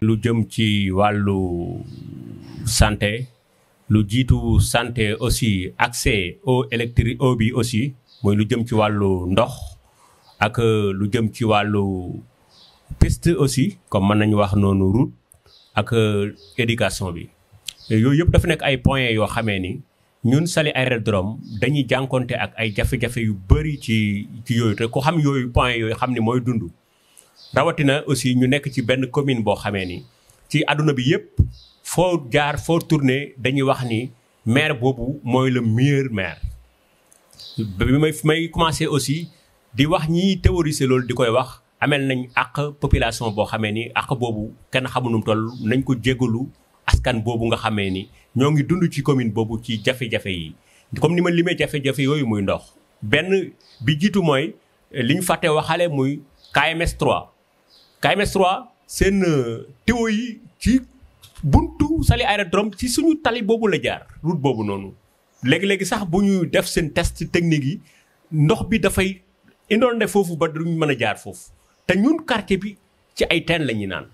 lu jëm ci wàllu santé lu jiitu santé aussi accès eau électrique eau bi aussi mooy lu jëm ci wàllu ndox ak euh, lu jëm ci wàllu piste aussi comme mën nañu wax noonu route ak euh, éducation bi yooyu yëpp dafa nekk ay points yoo xamee ni ñun Saly Aérodrome dañuy jànkonte ak ay jafe-jafe yu bëri ci ci yooyu te ku xam yooyu points yooyu xam ni mooy dund rawatina aussi ñu nekk ci benn commune boo xamee ni ci àdduna bi yëpp foo jaar foo tourné dañuy wax ni maire boobu mooy le meilleur maire. bi may may commencé aussi di wax ñiy théoriser loolu di koy wax amel nañ àq population boo xamee ni àq boobu kenn xamunum toll nañ ko jégalu askan boobu nga xamee ni ñoo ngi dund ci commune boobu ci jafe-jafe yi. comme ni ma limee jafe-jafe yooyu muy ndox benn bi jiitu mooy li ñu fàtte waxale muy KMS 3. KMS3 seen euh, tuyau yi ci buntu sali aérodrome ci suñu tali boobu la jaar route boobu noonu léegi-léegi sax bu ñuy def seen test technique yi ndox bi dafay indoon ne foofu ba duñ mën a jaar foofu te ñun quartier bi ci ay teen la ñuy naan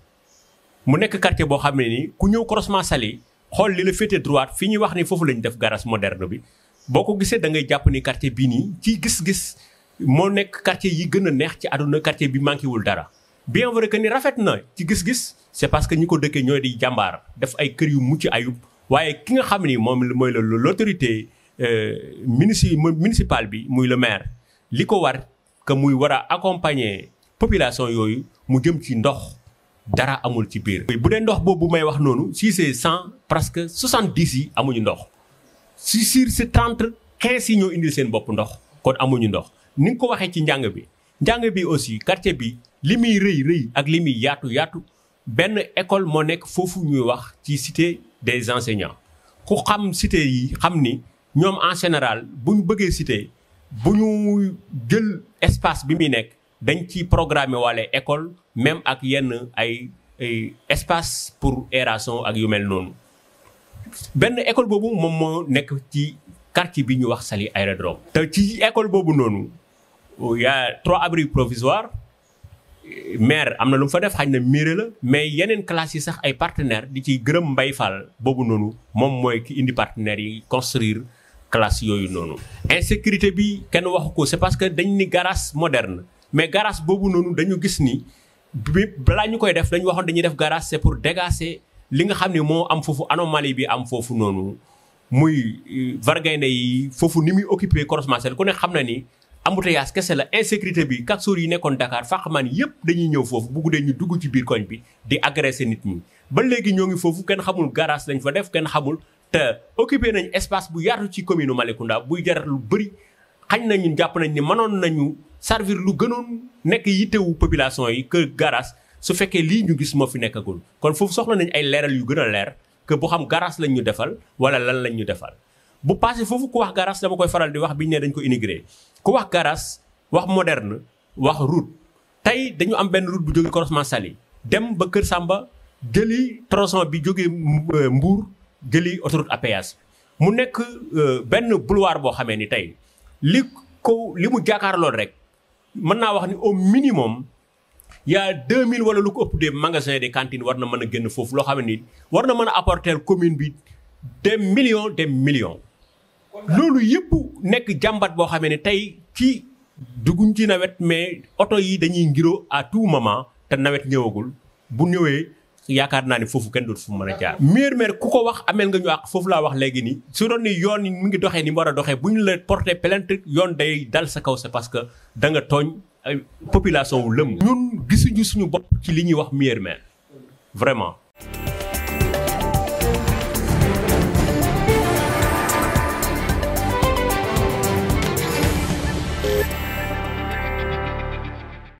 mu nekk quartier boo xam ne nii ku ñëw croisement Saly xool li la féete droite fi ñuy wax ni foofu la ñu def garage moderne bi boo ko gisee da ngay jàpp ni quartier bii nii ci gis-gis moo nekk quartier yi gën a neex ci àdduna quartier bi manqué wul dara bien vrai que ni rafet na ci gis-gis c'est parce que ñi ko dëkkee ñoo di jàmbaar def ay kër yu mucc ayub waaye ki nga xam ni moom mooy la l'autorité euh, munici municipale bi muy le maire li ko war que muy war a accompagner population yooyu mu jëm ci ndox dara amul ci biir. bu dee ndox boobu may wax noonu si c'est cent presque soixante-dix yi amuñu ndox si sur si trente quinze yi ñoo indil seen bopp ndox kon amuñu ndox ni nga ko waxee ci njàng bi. njàng bi aussi quartier bi li muy rëy rëy ak li muy yaatu yaatu benn école moo nekk foofu ñuy wax ci cité des enseignants ku xam cité yi xam ni ñoom en général bu ñu bëggee cité bu ñu jël espace bi muy nekk dañ ci programmer wale école même ak yenn ay espace pour aération ak yu mel noonu benn école boobu moom moo nekk ci quartier bi ñu wax sali Aérodrome te ci école boobu noonu il y trois abris provisoires maire am na lu mu fa def xañ na miire la mais yeneen classes yi sax ay partenaires di ci gërëm mbay Fall boobu noonu moom mooy ki indi partenaires yi construire classe yooyu noonu. insécurité bi kenn waxu ko c'est parce que dañ ni garage moderne mais garage boobu noonu dañu gis ni bi balaa ñu koy def dañu waxoon dañuy def garage c'est pour dégager li nga xam ni moo am foofu anomalie bi am foofu noonu muy euh, vargaynde yi foofu ni muy occupé Cross Marcel xam na ni. embouteillage kese la insécurité bi kasoor yi nekkoon Dakar fàqmaan yëpp dañuy ñëw foofu bu guddee ñu dugg ci biir koñ bi di agressé nit ñi. ba léegi ñoo ngi foofu kenn xamul garage lañ fa def kenn xamul te occupé nañ espace bu yaatu ci commune Malekounda buy jarat lu bëri xañ na ñun jàpp nañ ni manoon nañu servir lu gënoon nekk yittewu population yi kër garage su fekkee lii ñu gis moo fi nekkagul kon foofu soxla nañ ay leeral yu gën a leer que boo xam garage lañ ñu defal wala lan lañ ñu defal. bu passé fofu ko wax garage dama koy faral di wax biñ ne dañ ko immigré ku wax garage wax moderne wax route tay dañu am ben route bu jógee croisement sali dem ba keur Samba geli tronçon bi jógee Mbour geli autoroute à mu nek euh, ben boulevard bo xamé ni tay li ko limu jakar lol rek man na wax ni au minimum ya a 2000 wala lu ko ëpp de magasins des cantines warna meuna genn fofu lo xamé ni warna meuna apporter commune bi des millions des millions loolu yëpp nekk jàmbat boo xamee ne tey ci dugguñ ci nawet mais oto yi dañuy ngiroo à tout moment te nawet ñëwagul bu ñëwee yaakaar naa ne foofu kenn dootu fu mën a jaar. maire maire ku ko wax ameel nga ñu àq foofu laa wax léegi nii. su doon ni yoon mu ngi doxee ni mu war a doxee bu ñu la porté plainte yoon day dal sa kaw sa parce que da nga tooñ euh, population wu lëm. ñun gisuñu suñu bopp ci li ñuy wax maire maire vraiment.